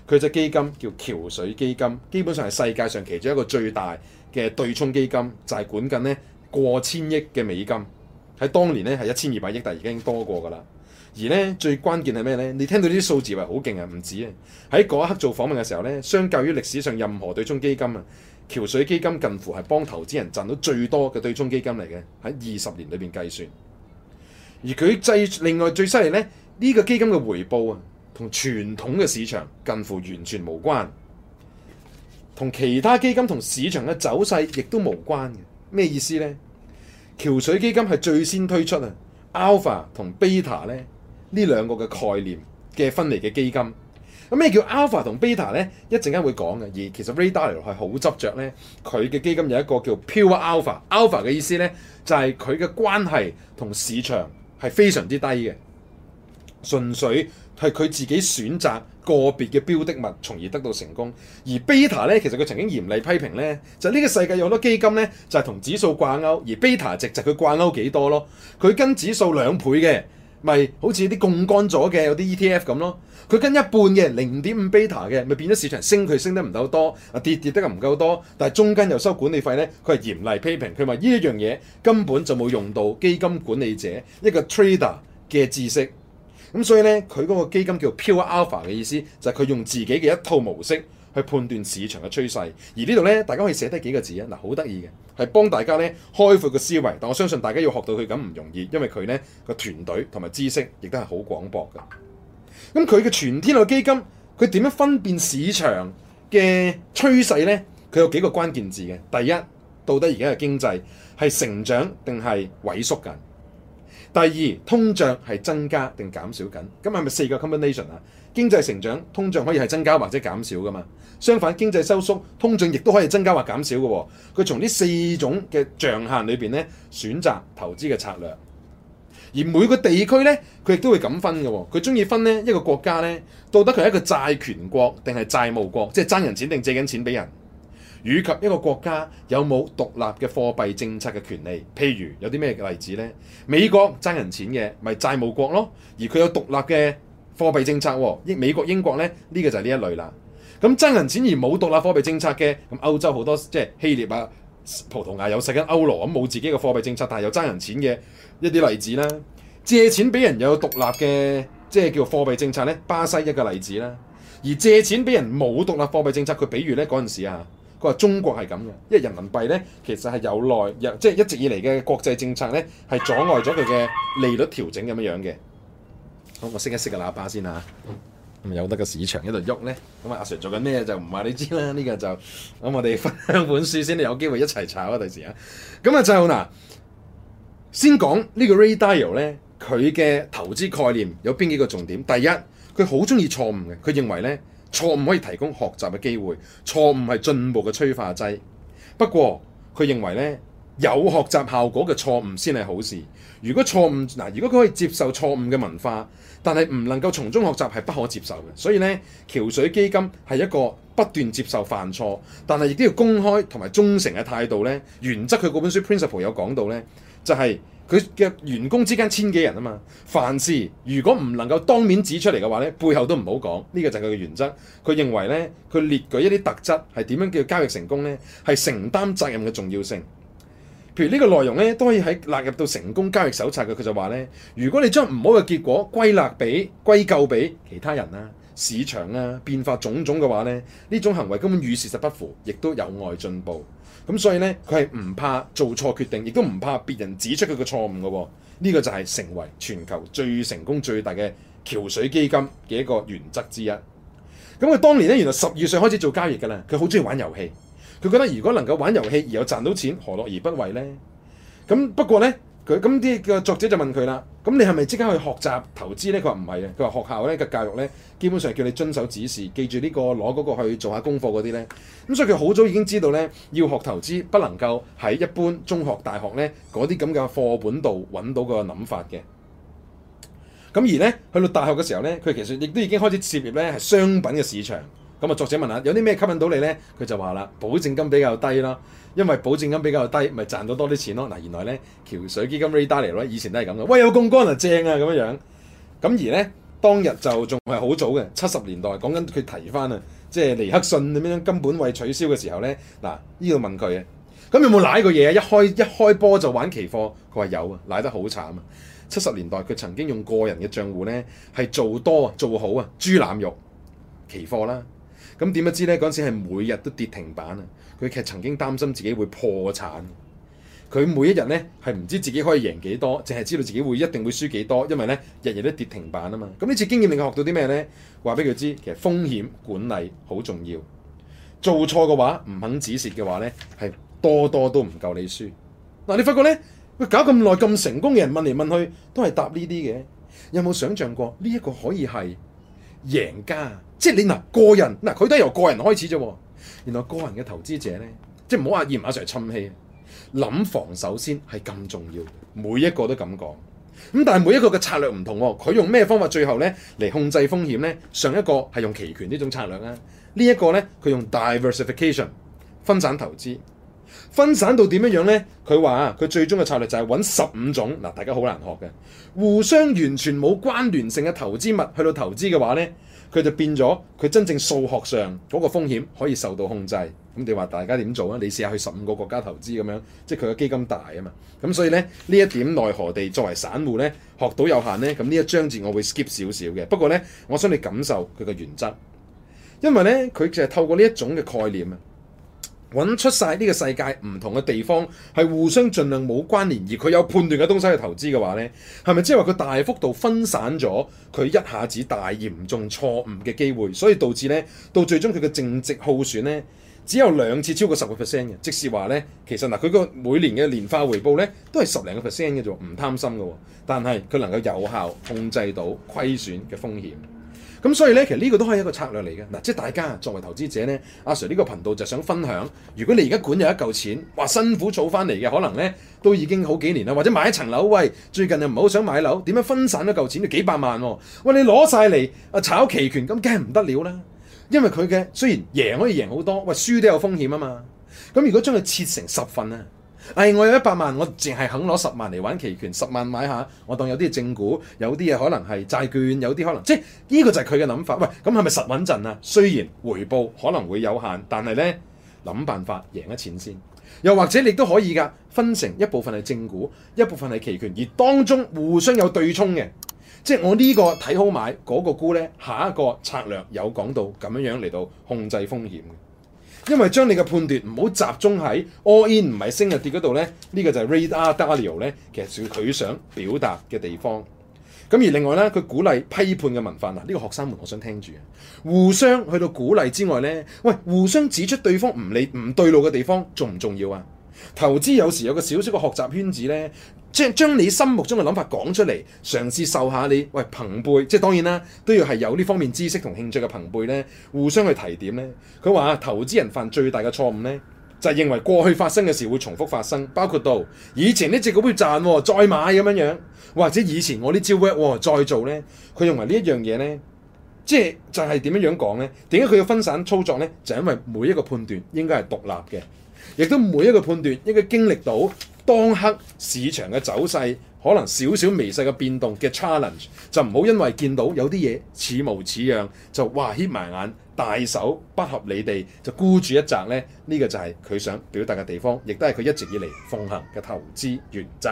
佢隻基金叫橋水基金，基本上係世界上其中一個最大嘅對沖基金，就係管緊咧過千億嘅美金。喺當年咧係一千二百億，但已經多過噶啦。而咧最關鍵係咩咧？你聽到呢啲數字係好勁啊，唔止啊！喺嗰一刻做訪問嘅時候咧，相較於歷史上任何對沖基金啊，橋水基金近乎係幫投資人賺到最多嘅對沖基金嚟嘅，喺二十年裏面計算。而佢制另外最犀利咧～呢個基金嘅回報啊，同傳統嘅市場近乎完全無關，同其他基金同市場嘅走勢亦都無關嘅。咩意思呢？橋水基金係最先推出啊，alpha 同 beta 咧呢兩個嘅概念嘅分離嘅基金。咁咩叫 alpha 同 beta 呢？一陣間會講嘅。而其實 Ray Dalio 係好執着呢。佢嘅基金有一個叫 pure alpha。alpha 嘅意思呢，就係佢嘅關係同市場係非常之低嘅。純粹係佢自己選擇個別嘅標的物，從而得到成功。而 beta 咧，其實佢曾經嚴厲批評咧，就呢個世界有好多基金咧，就係同指數掛鈎，而 beta 值就佢掛鈎幾多咯。佢跟指數兩倍嘅咪好似啲槓桿咗嘅有啲 E T F 咁咯。佢跟一半嘅零點五 beta 嘅咪變咗市場升佢升得唔夠多啊，跌跌得又唔夠多，但係中間又收管理費咧，佢係嚴厲批評佢話呢一樣嘢根本就冇用到基金管理者一個 trader 嘅知識。咁所以咧，佢嗰個基金叫 Pure Alpha 嘅意思，就係佢用自己嘅一套模式去判斷市場嘅趨勢。而呢度咧，大家可以寫低幾個字啊！嗱，好得意嘅，係幫大家咧開闊個思維。但我相信大家要學到佢咁唔容易，因為佢咧個團隊同埋知識亦都係好廣博嘅。咁佢嘅全天候基金，佢點樣分辨市場嘅趨勢咧？佢有幾個關鍵字嘅。第一，到底而家嘅經濟係成長定係萎縮緊？第二，通脹係增加定減少緊？咁係咪四個 combination 啊？經濟成長，通脹可以係增加或者減少噶嘛？相反，經濟收縮，通脹亦都可以增加或減少嘅喎。佢從呢四種嘅象限裏面咧，選擇投資嘅策略。而每個地區咧，佢亦都會咁分嘅喎。佢中意分呢一個國家咧，到底佢係一個債權國定係債務國，即係爭人錢定借緊錢俾人。以及一個國家有冇獨立嘅貨幣政策嘅權利，譬如有啲咩嘅例子呢？美國爭人錢嘅咪債務國咯，而佢有獨立嘅貨幣政策。英美國英國呢，呢、呢個就係呢一類啦。咁、嗯、爭人錢而冇獨立貨幣政策嘅咁，歐洲好多即係希臘啊、葡萄牙有使緊歐羅咁冇自己嘅貨幣政策，但係又爭人錢嘅一啲例子啦。借錢俾人又有獨立嘅即係叫貨幣政策呢，巴西一個例子啦。而借錢俾人冇獨立貨幣政策，佢比如呢嗰陣時啊。佢話中國係咁嘅，因為人民幣咧其實係有內，有即係一直以嚟嘅國際政策咧係阻礙咗佢嘅利率調整咁樣樣嘅。好，我熄一熄個喇叭先嚇、嗯，有得個市場一路喐咧。咁、嗯、啊，阿 Sir 做緊咩就唔話你知啦。呢個就咁、嗯，我哋分享本書先，有機會一齊炒啊！第時啊，咁啊就嗱，先講個呢個 Ray Dalio 咧，佢嘅投資概念有邊幾個重點？第一，佢好中意錯誤嘅，佢認為咧。錯誤可以提供學習嘅機會，錯誤係進步嘅催化劑。不過佢認為咧，有學習效果嘅錯誤先係好事。如果錯誤嗱，如果佢可以接受錯誤嘅文化，但係唔能夠從中學習係不可接受嘅。所以咧，橋水基金係一個不斷接受犯錯，但係亦都要公開同埋忠誠嘅態度咧。原則佢嗰本書 Principle 有講到咧，就係。佢嘅員工之間千幾人啊嘛，凡事如果唔能夠當面指出嚟嘅話咧，背後都唔好講，呢、呢個就係佢嘅原則。佢認為咧，佢列舉一啲特質係點樣叫交易成功咧，係承擔責任嘅重要性。譬如呢個內容咧，都可以喺納入到成功交易手冊嘅。佢就話咧，如果你將唔好嘅結果歸納俾、歸咎俾其他人啦、啊、市場啦、啊、變化種種嘅話咧，呢種行為根本與事實不符，亦都有礙進步。咁所以咧，佢係唔怕做錯決定，亦都唔怕別人指出佢嘅錯誤嘅。呢個就係成為全球最成功最大嘅橋水基金嘅一個原則之一。咁佢當年咧，原來十二歲開始做交易㗎啦，佢好中意玩遊戲。佢覺得如果能夠玩遊戲而又賺到錢，何樂而不為呢？咁不過呢，佢咁啲個作者就問佢啦，咁你係咪即刻去學習投資呢？佢話唔係，佢話學校呢個教育呢，基本上叫你遵守指示，記住呢個攞嗰個去做下功課嗰啲呢。咁所以佢好早已經知道呢，要學投資不能夠喺一般中學、大學呢嗰啲咁嘅課本度揾到個諗法嘅。咁而呢，去到大學嘅時候呢，佢其實亦都已經開始涉獵呢係商品嘅市場。咁啊！就作者問下，有啲咩吸引到你咧？佢就話啦，保證金比較低咯，因為保證金比較低，咪賺到多啲錢咯。嗱，原來咧，橋水基金 Ray Dalio 以前都係咁嘅，喂有槓桿啊，正啊咁樣樣。咁而咧，當日就仲係好早嘅七十年代，講緊佢提翻啊，即係尼克遜咁樣金本位取消嘅時候咧，嗱呢度問佢啊，咁有冇瀨過嘢啊？一開一開，一開波就玩期貨，佢話有啊，瀨得好慘啊。七十年代佢曾經用個人嘅賬戶咧，係做多啊，做好啊，豬腩肉期貨啦。咁點樣知咧？嗰陣時係每日都跌停板啊！佢其實曾經擔心自己會破產，佢每一日咧係唔知自己可以贏幾多，淨係知道自己會一定會輸幾多，因為咧日日都跌停板啊嘛！咁呢次經驗令佢學到啲咩咧？話俾佢知，其實風險管理好重要。做錯嘅話，唔肯止蝕嘅話咧，係多多都唔夠你輸。嗱，你發覺咧，喂搞咁耐咁成功嘅人問嚟問去都係答呢啲嘅，有冇想象過呢一個可以係贏家？即係你嗱個人嗱，佢都係由個人開始啫喎。原來個人嘅投資者咧，即係唔好阿葉阿 Sir 侵氣，諗防守先係咁重要，每一個都咁講。咁但係每一個嘅策略唔同，佢用咩方法最後咧嚟控制風險咧？上一個係用期權呢種策略啦，這個、呢一個咧佢用 diversification 分散投資，分散到點樣樣咧？佢話佢最終嘅策略就係揾十五種嗱，大家好難學嘅，互相完全冇關聯性嘅投資物去到投資嘅話咧。佢就變咗，佢真正數學上嗰個風險可以受到控制。咁你話大家點做啊？你試下去十五個國家投資咁樣，即係佢嘅基金大啊嘛。咁所以咧呢一點奈何地作為散戶咧學到有限咧，咁呢一章節，我會 skip 少少嘅。不過咧，我想你感受佢嘅原則，因為咧佢就係透過呢一種嘅概念啊。揾出晒呢個世界唔同嘅地方係互相盡量冇關聯，而佢有判斷嘅東西去投資嘅話呢，係咪即係話佢大幅度分散咗佢一下子大嚴重錯誤嘅機會，所以導致呢到最終佢嘅淨值耗損呢，只有兩次超過十個 percent 嘅，即使話呢，其實嗱佢個每年嘅年化回報呢，都係十零個 percent 嘅啫，唔貪心嘅，但係佢能夠有效控制到虧損嘅風險。咁所以咧，其實呢個都係一個策略嚟嘅。嗱，即係大家作為投資者呢，阿、啊、Sir 呢個頻道就想分享。如果你而家管有一嚿錢，話辛苦儲翻嚟嘅，可能呢，都已經好幾年啦，或者買一層樓。喂，最近又唔好想買樓，點樣分散一嚿錢？就幾百萬喎、啊。喂，你攞晒嚟啊炒期權，咁梗係唔得了啦。因為佢嘅雖然贏可以贏好多，喂輸都有風險啊嘛。咁如果將佢切成十份啊？誒、哎，我有一百萬，我淨係肯攞十萬嚟玩期權，十萬買下，我當有啲係正股，有啲嘢可能係債券，有啲可能即係呢、這個就係佢嘅諗法。喂，咁係咪實穩陣啊？雖然回報可能會有限，但係呢，諗辦法贏一錢先。又或者你都可以㗎，分成一部分係正股，一部分係期權，而當中互相有對沖嘅，即係我呢個睇好買嗰、那個股呢，下一個策略有講到咁樣樣嚟到控制風險。因為將你嘅判斷唔好集中喺 all in 唔係升日跌嗰度咧，呢、這個就係 Ray Dalio 咧，其實最佢想表達嘅地方。咁而另外咧，佢鼓勵批判嘅文化嗱，呢、這個學生們我想聽住啊，互相去到鼓勵之外咧，喂，互相指出對方唔理唔對路嘅地方重唔重要啊？投資有時有個小小嘅學習圈子咧。將將你心目中嘅諗法講出嚟，嘗試受下你喂朋輩，即係當然啦，都要係有呢方面知識同興趣嘅朋輩咧，互相去提點咧。佢話投資人犯最大嘅錯誤咧，就係認為過去發生嘅事會重複發生，包括到以前呢隻股票賺喎，再買咁樣樣，或者以前我呢招 work 喎，再做咧。佢認為呢一樣嘢咧，即係就係點樣樣講咧？點解佢要分散操作咧？就因為每一個判斷應該係獨立嘅，亦都每一個判斷應該經歷到。當刻市場嘅走勢，可能少少微細嘅變動嘅 challenge，就唔好因為見到有啲嘢似模似樣，就哇閂埋眼，大手不合理地就孤注一擲咧，呢、這個就係佢想表達嘅地方，亦都係佢一直以嚟奉行嘅投資原則。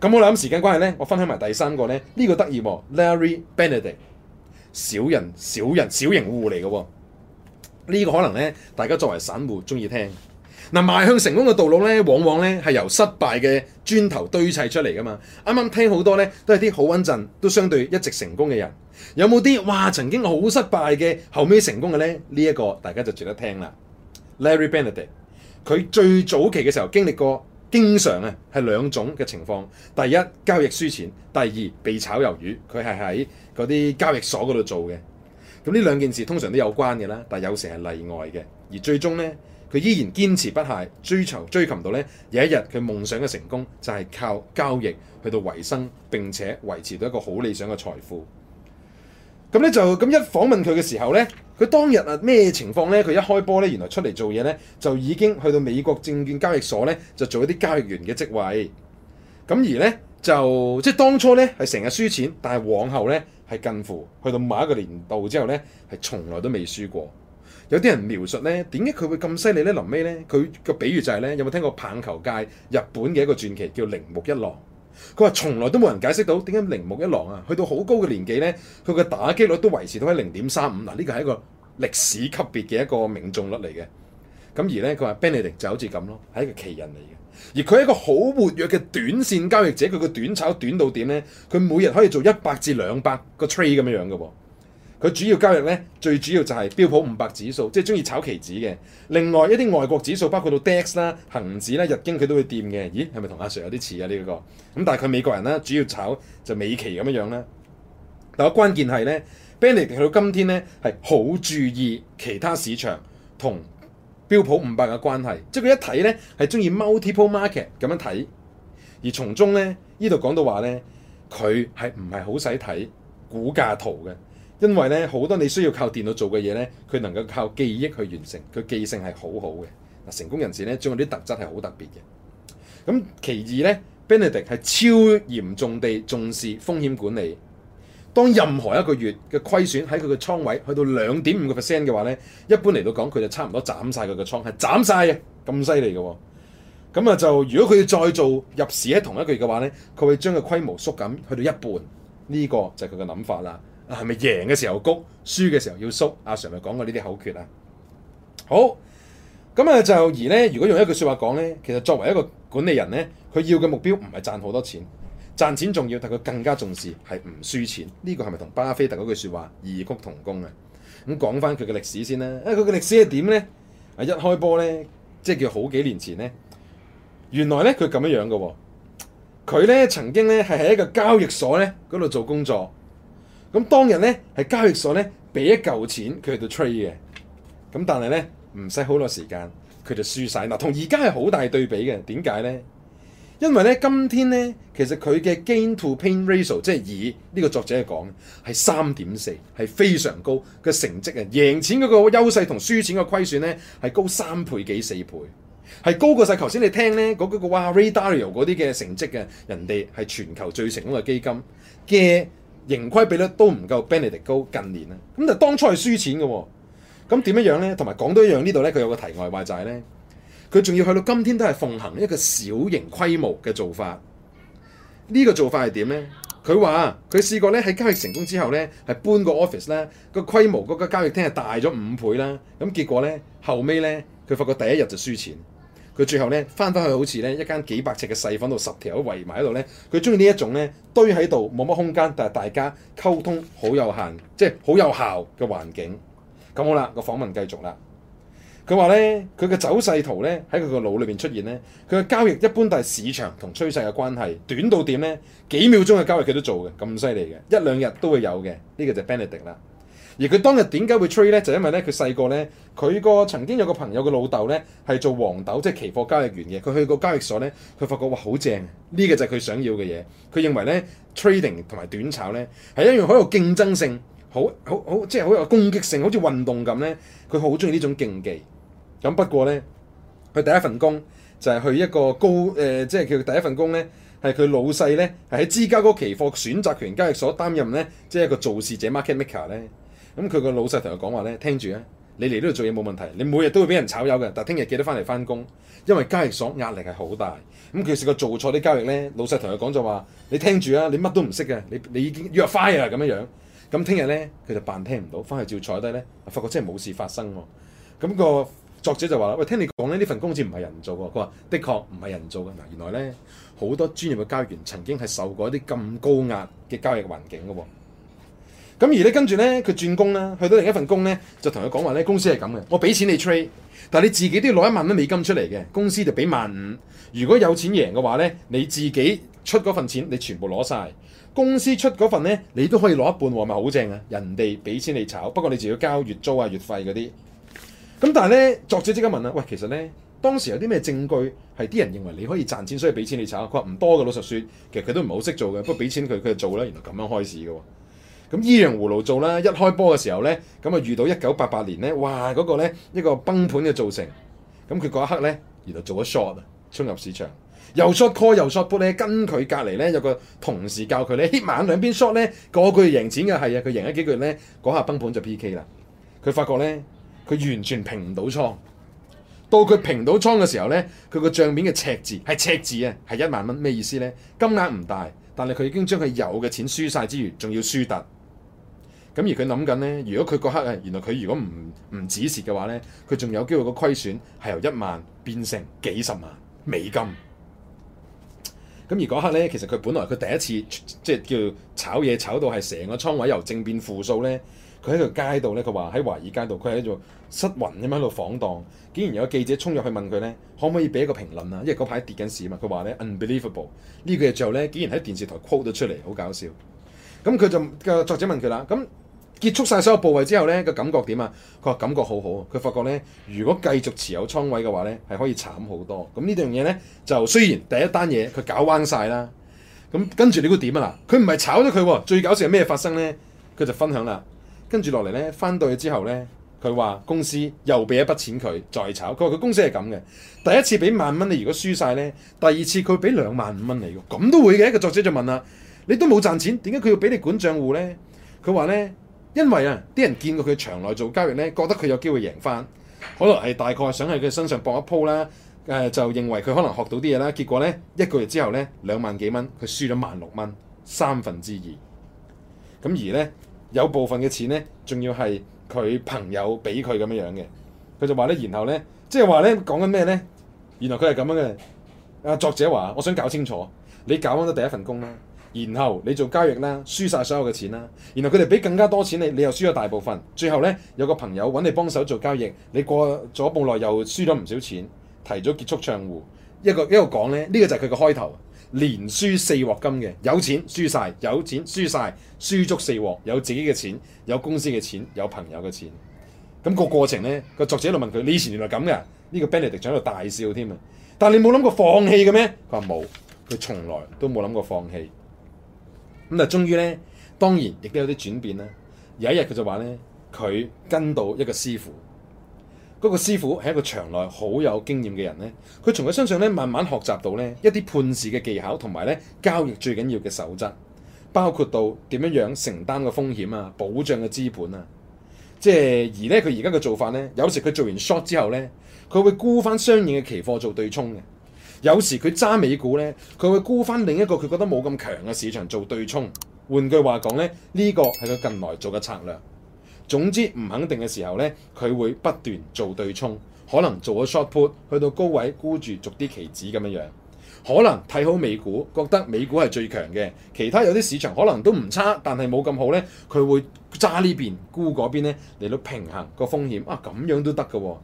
咁我諗時間關係咧，我分享埋第三個咧，呢、這個得意喎，Larry Benedict，小人小人小人小型戶嚟嘅喎，呢、這個可能咧大家作為散戶中意聽。嗱，邁向成功嘅道路咧，往往咧係由失敗嘅磚頭堆砌出嚟噶嘛。啱啱聽好多咧，都係啲好穩陣，都相對一直成功嘅人。有冇啲話曾經好失敗嘅，後尾成功嘅咧？呢、這、一個大家就值得聽啦。Larry Benedict，佢最早期嘅時候經歷過經常啊係兩種嘅情況：第一交易輸錢，第二被炒魷魚。佢係喺嗰啲交易所嗰度做嘅。咁呢兩件事通常都有關嘅啦，但有時係例外嘅，而最終呢。佢依然堅持不懈，追求追尋，到呢，有一日佢夢想嘅成功，就係靠交易去到維生，並且維持到一個好理想嘅財富。咁呢，就咁一訪問佢嘅時候呢，佢當日啊咩情況呢？佢一開波呢，原來出嚟做嘢呢，就已經去到美國證券交易所呢，就做了一啲交易員嘅職位。咁而呢，就即係當初呢，係成日輸錢，但係往後呢，係近乎去到某一個年度之後呢，係從來都未輸過。有啲人描述咧，點解佢會咁犀利咧？臨尾咧，佢個比喻就係咧，有冇聽過棒球界日本嘅一個傳奇叫鈴木一朗？佢話從來都冇人解釋到點解鈴木一朗啊，去到好高嘅年紀咧，佢個打擊率都維持到喺零點三五。嗱、啊，呢個係一個歷史級別嘅一個命中率嚟嘅。咁而咧，佢話 Benjamin 就好似咁咯，係一個奇人嚟嘅。而佢係一個好活躍嘅短線交易者，佢個短炒短到點咧？佢每日可以做一百至兩百個 trade 咁樣樣嘅喎。佢主要交易咧，最主要就係標普五百指數，即係中意炒期指嘅。另外一啲外國指數，包括到 DAX 啦、恒指啦、日經佢都會掂嘅。咦，係咪同阿 Sir 有啲似啊？呢個咁，但係佢美國人啦，主要炒就美期咁樣啦。但係關鍵係咧，Beni 去到今天咧係好注意其他市場同標普五百嘅關係，即係佢一睇咧係中意 multiple market 咁樣睇，而從中咧呢度講到話咧，佢係唔係好使睇股價圖嘅？因為咧好多你需要靠電腦做嘅嘢咧，佢能夠靠記憶去完成，佢記性係好好嘅。嗱，成功人士咧將佢啲特質係好特別嘅。咁其二咧 Benedict 係超嚴重地重視風險管理。當任何一個月嘅虧損喺佢嘅倉位去到兩點五個 percent 嘅話咧，一般嚟到講佢就差唔多斬晒佢嘅倉，係斬晒嘅，咁犀利嘅。咁啊就如果佢要再做入市喺同一個月嘅話咧，佢會將個規模縮減去到一半。呢、這個就係佢嘅諗法啦。係咪贏嘅時候谷，輸嘅時候要縮？阿 Sir 咪講過呢啲口訣啊。好，咁啊就而咧，如果用一句說話講咧，其實作為一個管理人咧，佢要嘅目標唔係賺好多錢，賺錢重要，但佢更加重視係唔輸錢。呢個係咪同巴菲特嗰句說話異曲同工啊？咁講翻佢嘅歷史先啦。啊，佢嘅歷史係點咧？啊，一開波咧，即係叫好幾年前咧，原來咧佢咁樣樣嘅。佢咧曾經咧係喺一個交易所咧嗰度做工作。咁當日咧，係交易所咧俾一嚿錢佢喺度 trade 嘅，咁但係咧唔使好耐時間，佢就輸晒。嗱、啊，同而家係好大對比嘅。點解咧？因為咧，今天咧其實佢嘅 gain to pain ratio，即係以呢個作者係講係三點四，係非常高嘅成績啊，贏錢嗰個優勢同輸錢嘅虧損咧係高三倍幾四倍，係高過晒。頭先你聽咧嗰、那個 Ray Dalio 嗰啲嘅成績嘅人哋係全球最成功嘅基金嘅。盈虧比率都唔夠 Benedict 高，近年咧，咁就當初係輸錢嘅，咁點樣樣呢？同埋講到一樣，呢度呢，佢有個題外話就係呢：佢仲要去到今天都係奉行一個小型規模嘅做法。呢個做法係點呢？佢話佢試過呢，喺交易成功之後呢，係搬個 office 呢，個規模嗰個交易廳係大咗五倍啦，咁結果呢，後尾呢，佢發覺第一日就輸錢。佢最後咧翻翻去好似咧一間幾百尺嘅細房度，十條都圍埋喺度咧。佢中意呢一種咧堆喺度冇乜空間，但係大家溝通好有限，即係好有效嘅環境。咁好啦，個訪問繼續啦。佢話咧，佢嘅走勢圖咧喺佢個腦裏邊出現咧，佢嘅交易一般，都係市場同趨勢嘅關係短到點咧？幾秒鐘嘅交易佢都做嘅，咁犀利嘅，一兩日都會有嘅。呢個就 Benedict 啦。而佢當日點解會 trade 咧？就因為咧，佢細個咧，佢個曾經有個朋友嘅老豆咧，係做黃豆即係期貨交易員嘅。佢去過交易所咧，佢發覺，哇好正，呢個就係佢想要嘅嘢。佢認為咧，trading 同埋短炒咧係一樣好有競爭性，好好好即係好有攻擊性，好似運動咁咧。佢好中意呢種競技。咁不過咧，佢第一份工就係去一個高即係佢第一份工咧，係佢老細咧，係喺芝加哥期貨選擇權交易所擔任咧，即係一個造市者 market maker 咧。咁佢個老細同佢講話咧，聽住啊，你嚟呢度做嘢冇問題，你每日都會俾人炒魷嘅，但係聽日記得翻嚟翻工，因為交易所壓力係好大。咁其實個做錯啲交易咧，老細同佢講就話，你聽住啊，你乜都唔識嘅，你你已經 You're fired 啊咁樣樣。咁聽日咧，佢就扮聽唔到，翻去照坐低咧，發覺真係冇事發生喎、哦。咁、那個作者就話啦，喂，聽你講呢，呢份工好似唔係人做喎。佢話：的確唔係人做嘅嗱，原來咧好多專業嘅交易員曾經係受過一啲咁高壓嘅交易環境嘅。咁而咧，跟住咧，佢轉工啦，去到另一份工咧，就同佢講話咧，公司係咁嘅，我俾錢你 trade，但係你自己都要攞一萬蚊美金出嚟嘅，公司就俾萬五。如果有錢贏嘅話咧，你自己出嗰份錢，你全部攞晒。公司出嗰份咧，你都可以攞一半喎，咪好正啊！人哋俾錢你炒，不過你就要交月租啊、月費嗰啲。咁但係咧，作者即刻問啦，喂，其實咧當時有啲咩證據係啲人認為你可以賺錢，所以俾錢你炒？佢話唔多嘅，老實説，其實佢都唔係好識做嘅，不過俾錢佢，佢就做啦，原來咁樣開始嘅。咁依樣葫蘆做啦，一開波嘅時候咧，咁啊遇到一九八八年咧，哇嗰個咧一個崩盤嘅造成，咁佢嗰一刻咧原來做咗 short 啊，衝入市場，又 short call 又 short put 咧，跟佢隔離咧有個同事教佢咧，起碼兩邊 short 咧，嗰個月贏錢嘅係啊，佢贏咗幾個月咧，嗰下崩盤就 P K 啦，佢發覺咧，佢完全平唔到倉，到佢平到倉嘅時候咧，佢個帳面嘅赤字係赤字啊，係一萬蚊，咩意思咧？金額唔大，但係佢已經將佢有嘅錢輸晒之餘，仲要輸突。咁而佢諗緊咧，如果佢嗰刻啊，原來佢如果唔唔止蝕嘅話咧，佢仲有機會，個虧損係由一萬變成幾十萬美金。咁而嗰刻咧，其實佢本來佢第一次即係叫炒嘢炒到係成個倉位由正變負數咧，佢喺個街道咧，佢話喺華爾街度，佢喺度失魂咁樣喺度晃蕩，竟然有個記者衝入去問佢咧，可唔可以俾一個評論啊？因為嗰排跌緊市啊嘛，佢話咧 unbelievable，呢句嘢之後咧，竟然喺電視台 quote 咗出嚟，好搞笑。咁佢就個作者問佢啦，咁。結束晒所有部位之後咧，個感覺點啊？佢話感覺好好。佢發覺咧，如果繼續持有倉位嘅話咧，係可以慘好多。咁呢樣嘢咧，就雖然第一單嘢佢搞彎晒啦。咁跟住你估點啊啦？佢唔係炒咗佢。最搞笑係咩發生咧？佢就分享啦。跟住落嚟咧，翻到去之後咧，佢話公司又俾一筆錢佢再炒。佢話佢公司係咁嘅。第一次俾萬蚊，你如果輸晒咧，第二次佢俾兩萬五蚊你喎。咁都會嘅。一個作者就問啦：你都冇賺錢，點解佢要俾你管賬戶咧？佢話咧。因為啊，啲人見過佢場內做交易咧，覺得佢有機會贏翻，可能係大概想喺佢身上搏一鋪啦，誒、呃、就認為佢可能學到啲嘢啦。結果咧，一個月之後咧，兩萬幾蚊，佢輸咗萬六蚊，三分之二。咁而咧，有部分嘅錢咧，仲要係佢朋友俾佢咁樣樣嘅，佢就話咧，然後咧，即係話咧，講緊咩咧？原來佢係咁樣嘅。阿作者話：我想搞清楚，你搞咗第一份工啦。然後你做交易啦，輸晒所有嘅錢啦。然後佢哋俾更加多錢你，你又輸咗大部分。最後呢，有個朋友揾你幫手做交易，你過咗步內又輸咗唔少錢，提早結束帳戶。一個一個講呢，呢個就係佢嘅開頭，連輸四鑊金嘅，有錢輸晒，有錢輸晒，輸足四鑊，有自己嘅錢，有公司嘅錢，有朋友嘅錢。咁個過程呢，個作者喺度問佢：你以前原來咁嘅？呢個 Benedict 喺度大笑添啊！但你冇諗過放棄嘅咩？佢話冇，佢從來都冇諗過放棄。咁啊，終於咧，當然亦都有啲轉變啦。有一日佢就話咧，佢跟到一個師傅，嗰個師傅係一個場內好有經驗嘅人咧。佢從佢身上咧，慢慢學習到咧一啲判市嘅技巧，同埋咧交易最緊要嘅守則，包括到點樣樣承擔嘅風險啊、保障嘅資本啊。即係而咧，佢而家嘅做法咧，有時佢做完 short 之後咧，佢會沽翻相應嘅期貨做對沖嘅。有時佢揸美股呢，佢會沽翻另一個佢覺得冇咁強嘅市場做對沖。換句話講呢，呢、呢個係佢近來做嘅策略。總之唔肯定嘅時候呢，佢會不斷做對沖，可能做個 short put 去到高位沽住逐啲期指咁樣樣，可能睇好美股，覺得美股係最強嘅，其他有啲市場可能都唔差，但係冇咁好呢，佢會揸呢邊沽嗰邊咧嚟到平衡個風險啊。咁樣都得嘅、哦，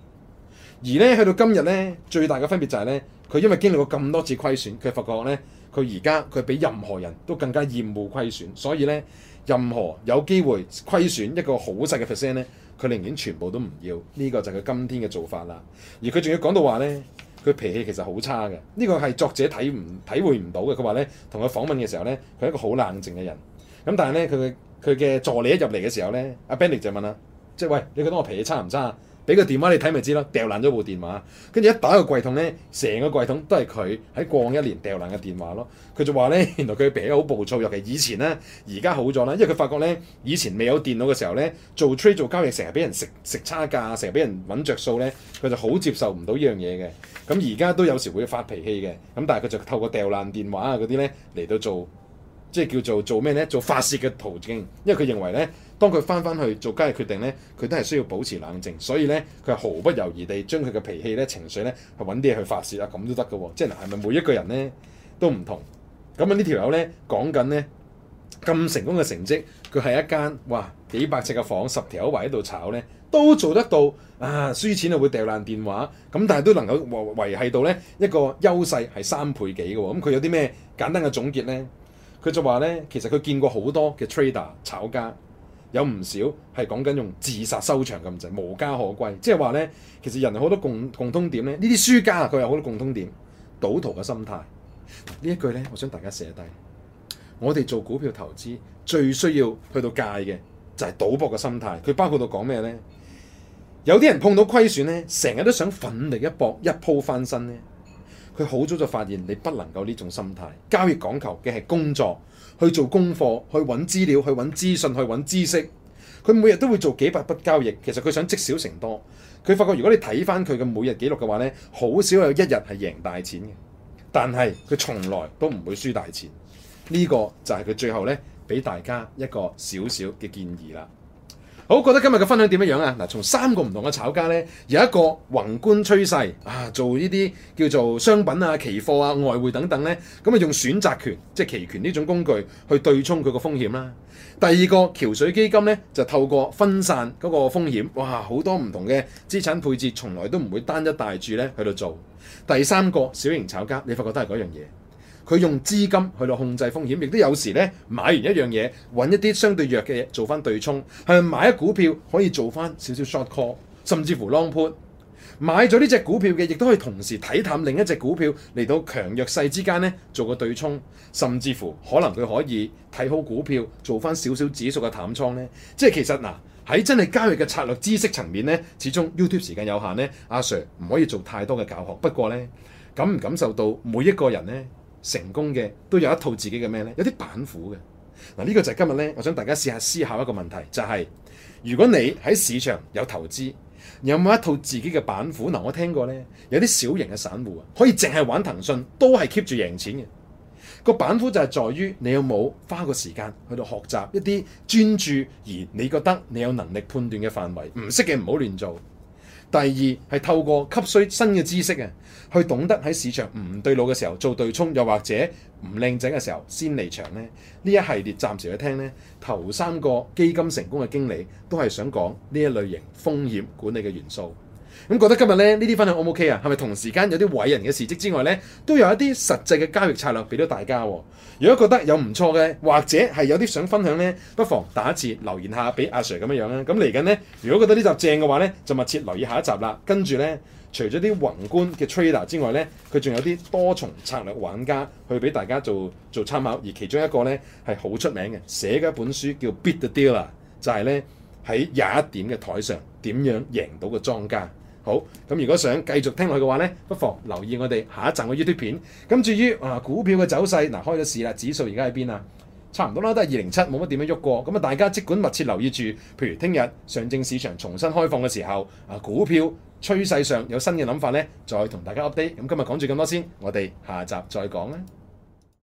而呢，去到今日呢，最大嘅分別就係、係、呢。佢因為經歷過咁多次虧損，佢發覺咧，佢而家佢比任何人都更加厭惡虧損，所以咧，任何有機會虧損一個好細嘅 percent 咧，佢寧願全部都唔要。呢個就係佢今天嘅做法啦。而佢仲要講到話咧，佢脾氣其實好差嘅。呢個係作者睇唔體會唔到嘅。佢話咧，同佢訪問嘅時候咧，佢係一個好冷靜嘅人。咁但係咧，佢嘅佢嘅助理一入嚟嘅時候咧， 阿 Benny 就問啦，即係喂，你覺得我脾氣差唔差啊？俾個電話你睇咪知咯，掉爛咗部電話，跟住一打個櫃桶咧，成個櫃桶都係佢喺過往一年掉爛嘅電話咯。佢就話咧，原來佢脾氣好暴躁，尤其以前咧，而家好咗啦，因為佢發覺咧，以前未有電腦嘅時候咧，做 trade 做交易成日俾人食食差價，成日俾人揾着數咧，佢就好接受唔到呢樣嘢嘅。咁而家都有時會發脾氣嘅，咁但係佢就透過掉爛電話啊嗰啲咧嚟到做。即係叫做做咩咧？做發泄嘅途徑，因為佢認為咧，當佢翻翻去做交易決定咧，佢都係需要保持冷靜，所以咧佢係毫不猶豫地將佢嘅脾氣咧、情緒咧，去揾啲嘢去發泄啊，咁都得嘅喎。即係嗱，係咪每一個人咧都唔同？咁啊，呢條友咧講緊咧咁成功嘅成績，佢係一間哇幾百尺嘅房，十條位喺度炒咧都做得到啊，輸錢啊會掉爛電話咁，但係都能夠維維係到咧一個優勢係三倍幾嘅喎。咁佢有啲咩簡單嘅總結咧？佢就話咧，其實佢見過好多嘅 trader 炒家，有唔少係講緊用自殺收場咁就無家可歸。即係話咧，其實人好多共共通點咧，呢啲輸家佢有好多共通點，賭徒嘅心態。呢一句咧，我想大家寫低。我哋做股票投資最需要去到界嘅就係賭博嘅心態。佢包括到講咩咧？有啲人碰到虧損咧，成日都想奮力一搏，一鋪翻身咧。佢好早就發現你不能夠呢種心態，交易講求嘅係工作，去做功課，去揾資料，去揾資訊，去揾知識。佢每日都會做幾百筆交易，其實佢想積少成多。佢發覺如果你睇翻佢嘅每日記錄嘅話呢，好少有一日係贏大錢嘅，但係佢從來都唔會輸大錢。呢個就係佢最後呢，俾大家一個少少嘅建議啦。好，覺得今日嘅分享點樣樣啊？嗱，從三個唔同嘅炒家呢，有一個宏觀趨勢啊，做呢啲叫做商品啊、期貨啊、外匯等等呢。咁啊用選擇權即係期權呢種工具去對沖佢個風險啦。第二個橋水基金呢，就透過分散嗰個風險，哇，好多唔同嘅資產配置，從來都唔會單一大注呢，喺度做。第三個小型炒家，你發覺都係嗰樣嘢。佢用資金去到控制風險，亦都有時咧，買完一樣嘢，搵一啲相對弱嘅嘢做翻對沖，係買一股票可以做翻少少 short call，甚至乎 long put。買咗呢隻股票嘅，亦都可以同時睇淡另一隻股票嚟到強弱勢之間咧做個對沖，甚至乎可能佢可以睇好股票做翻少少指數嘅淡倉呢？即係其實嗱，喺真係交易嘅策略知識層面呢，始終 YouTube 時間有限呢，阿、啊、Sir 唔可以做太多嘅教學。不過呢，感唔感受到每一個人呢？成功嘅都有一套自己嘅咩呢？有啲板斧嘅嗱，呢、這個就係今日呢，我想大家試下思考一個問題，就係、是、如果你喺市場有投資，有冇一套自己嘅板斧？嗱，我聽過呢，有啲小型嘅散戶啊，可以淨係玩騰訊，都係 keep 住贏錢嘅。個板斧就係在於你有冇花個時間去到學習一啲專注而你覺得你有能力判斷嘅範圍，唔識嘅唔好亂做。第二係透過吸收新嘅知識啊，去懂得喺市場唔對路嘅時候做對沖，又或者唔靚仔嘅時候先離場咧。呢一系列暫時去聽呢頭三個基金成功嘅經理，都係想講呢一類型風險管理嘅元素。咁覺得今日咧呢啲分享 O 唔 OK 啊？係咪同時間有啲偉人嘅事蹟之外呢，都有一啲實際嘅交易策略俾到大家、哦。如果覺得有唔錯嘅，或者係有啲想分享呢，不妨打字留言一下俾阿 Sir 咁樣樣、啊、啦。咁嚟緊呢，如果覺得呢集正嘅話呢，就密切留意下一集啦。跟住呢，除咗啲宏觀嘅 trader 之外呢，佢仲有啲多重策略玩家去俾大家做做參考。而其中一個呢，係好出名嘅，寫一本書叫《Beat the Dealer》，就係呢，喺廿一點嘅台上點樣贏到個莊家。好，咁如果想繼續聽落去嘅話呢，不妨留意我哋下一集嘅 YouTube 片。咁至於啊股票嘅走勢，嗱、啊、開咗市啦，指數而家喺邊啊？差唔多啦，都係二零七，冇乜點樣喐過。咁啊，大家即管密切留意住。譬如聽日上證市場重新開放嘅時候，啊股票趨勢上有新嘅諗法呢，再同大家 update。咁今日講住咁多先，我哋下集再講啦。